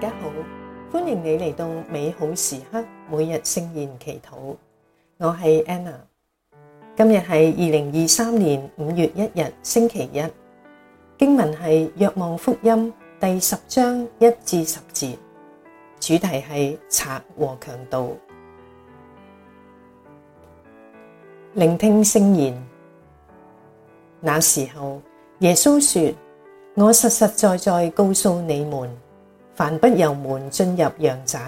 大家好，歡迎你嚟到美好時刻每日聖言祈禱。我係 Anna，今日係二零二三年五月一日星期一，經文係《若望福音》第十章一至十節，主題係賊和強盜。聆聽聖言。那時候耶穌說，我實實在在告訴你們。凡不由門進入羊棧，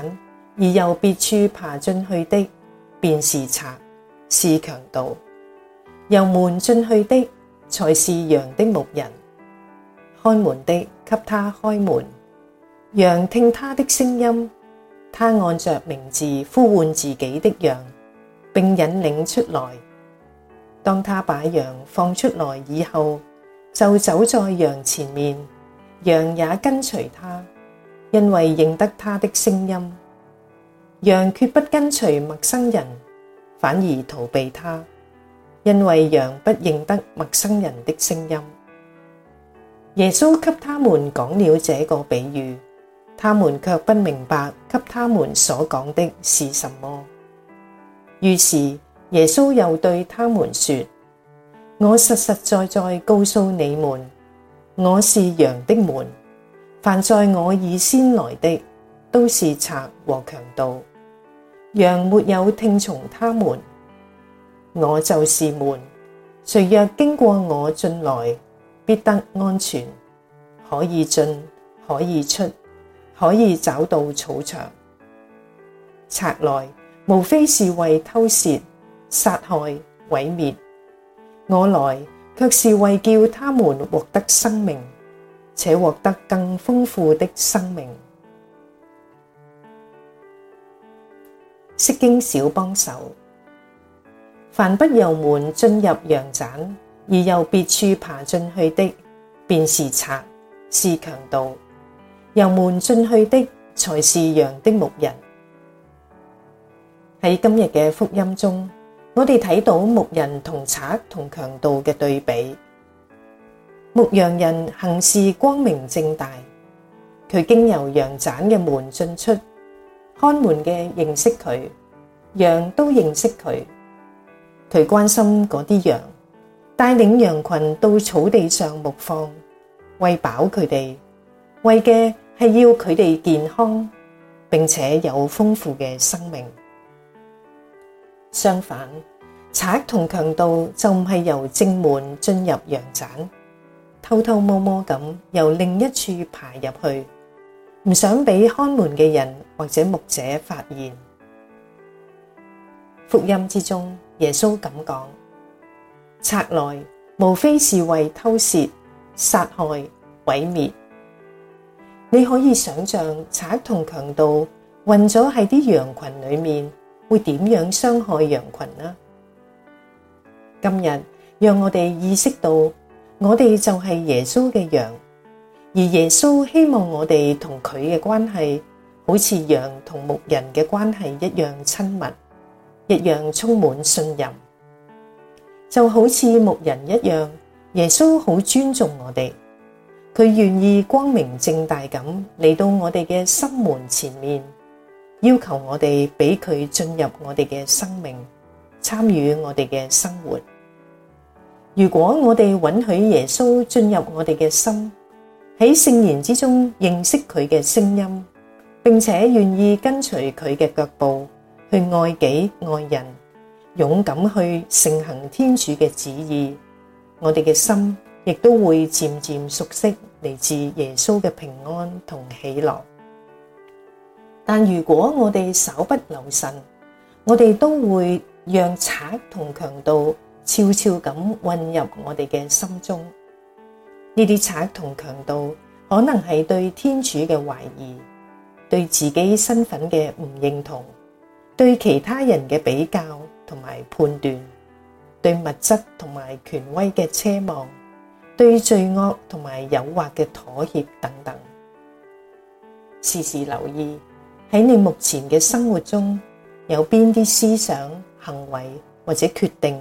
而由別處爬進去的，便是賊，是強盜；由門進去的，才是羊的牧人，看門的給他開門。羊聽他的聲音，他按着名字呼喚自己的羊，並引領出來。當他把羊放出來以後，就走在羊前面，羊也跟隨他。因為認得他的聲音，羊絕不跟隨陌生人，反而逃避他。因為羊不認得陌生人的聲音。耶穌給他們講了這個比喻，他們卻不明白給他們所講的是什麼。於是耶穌又對他們說：我實實在在告訴你們，我是羊的門。凡在我以先來的，都是賊和強盜；羊沒有聽從他們，我就是門。誰若經過我進來，必得安全，可以進，可以出，可以找到草場。賊來，無非是為偷竊、殺害、毀滅；我來，卻是為叫他們獲得生命。且獲得更豐富的生命。釋經小幫手，凡不由門進入羊棧，而由別處爬進去的，便是賊，是強盜；由門進去的，才是羊的牧人。喺今日嘅福音中，我哋睇到牧人同賊同強盜嘅對比。牧羊人行事光明正大，佢經由羊棧嘅門進出，看門嘅認識佢，羊都認識佢，佢關心嗰啲羊，帶領羊群到草地上牧放，餵飽佢哋，為嘅係要佢哋健康，並且有豐富嘅生命。相反，賊同強盜就唔係由正門進入羊棧。偷偷摸摸咁由另一處爬入去，唔想俾看門嘅人或者牧者發現。福音之中，耶穌咁講：賊來無非是為偷竊、殺害、毀滅。你可以想象賊同強盜混咗喺啲羊群裏面，會點樣傷害羊群呢？今日讓我哋意識到。我哋就係耶穌嘅羊，而耶穌希望我哋同佢嘅關係好似羊同牧人嘅關係一樣親密，一樣充滿信任，就好似牧人一樣。耶穌好尊重我哋，佢願意光明正大咁嚟到我哋嘅心門前面，要求我哋俾佢進入我哋嘅生命，參與我哋嘅生活。如果我哋允許耶穌進入我哋嘅心，喺聖言之中認識佢嘅聲音，並且願意跟隨佢嘅腳步，去愛己愛人，勇敢去承行天主嘅旨意，我哋嘅心亦都會漸漸熟悉嚟自耶穌嘅平安同喜樂。但如果我哋稍不留神，我哋都會讓賊同強盜悄悄咁混入我哋嘅心中，呢啲賊同強盜可能係對天主嘅懷疑，對自己身份嘅唔認同，對其他人嘅比較同埋判斷，對物質同埋權威嘅奢望，對罪惡同埋誘惑嘅妥協等等。時時留意喺你目前嘅生活中有邊啲思想、行為或者決定。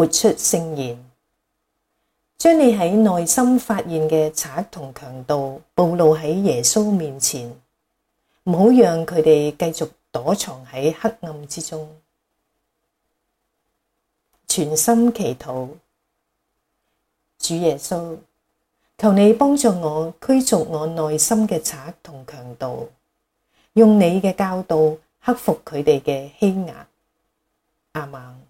活出聖言，將你喺內心發現嘅賊同強盜暴露喺耶穌面前，唔好讓佢哋繼續躲藏喺黑暗之中。全心祈禱，主耶穌，求你幫助我驅逐我內心嘅賊同強盜，用你嘅教導克服佢哋嘅欺壓。阿們。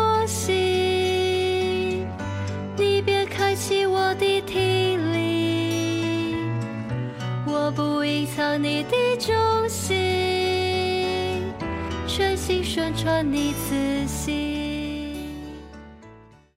你的忠心，全心宣傳你慈心。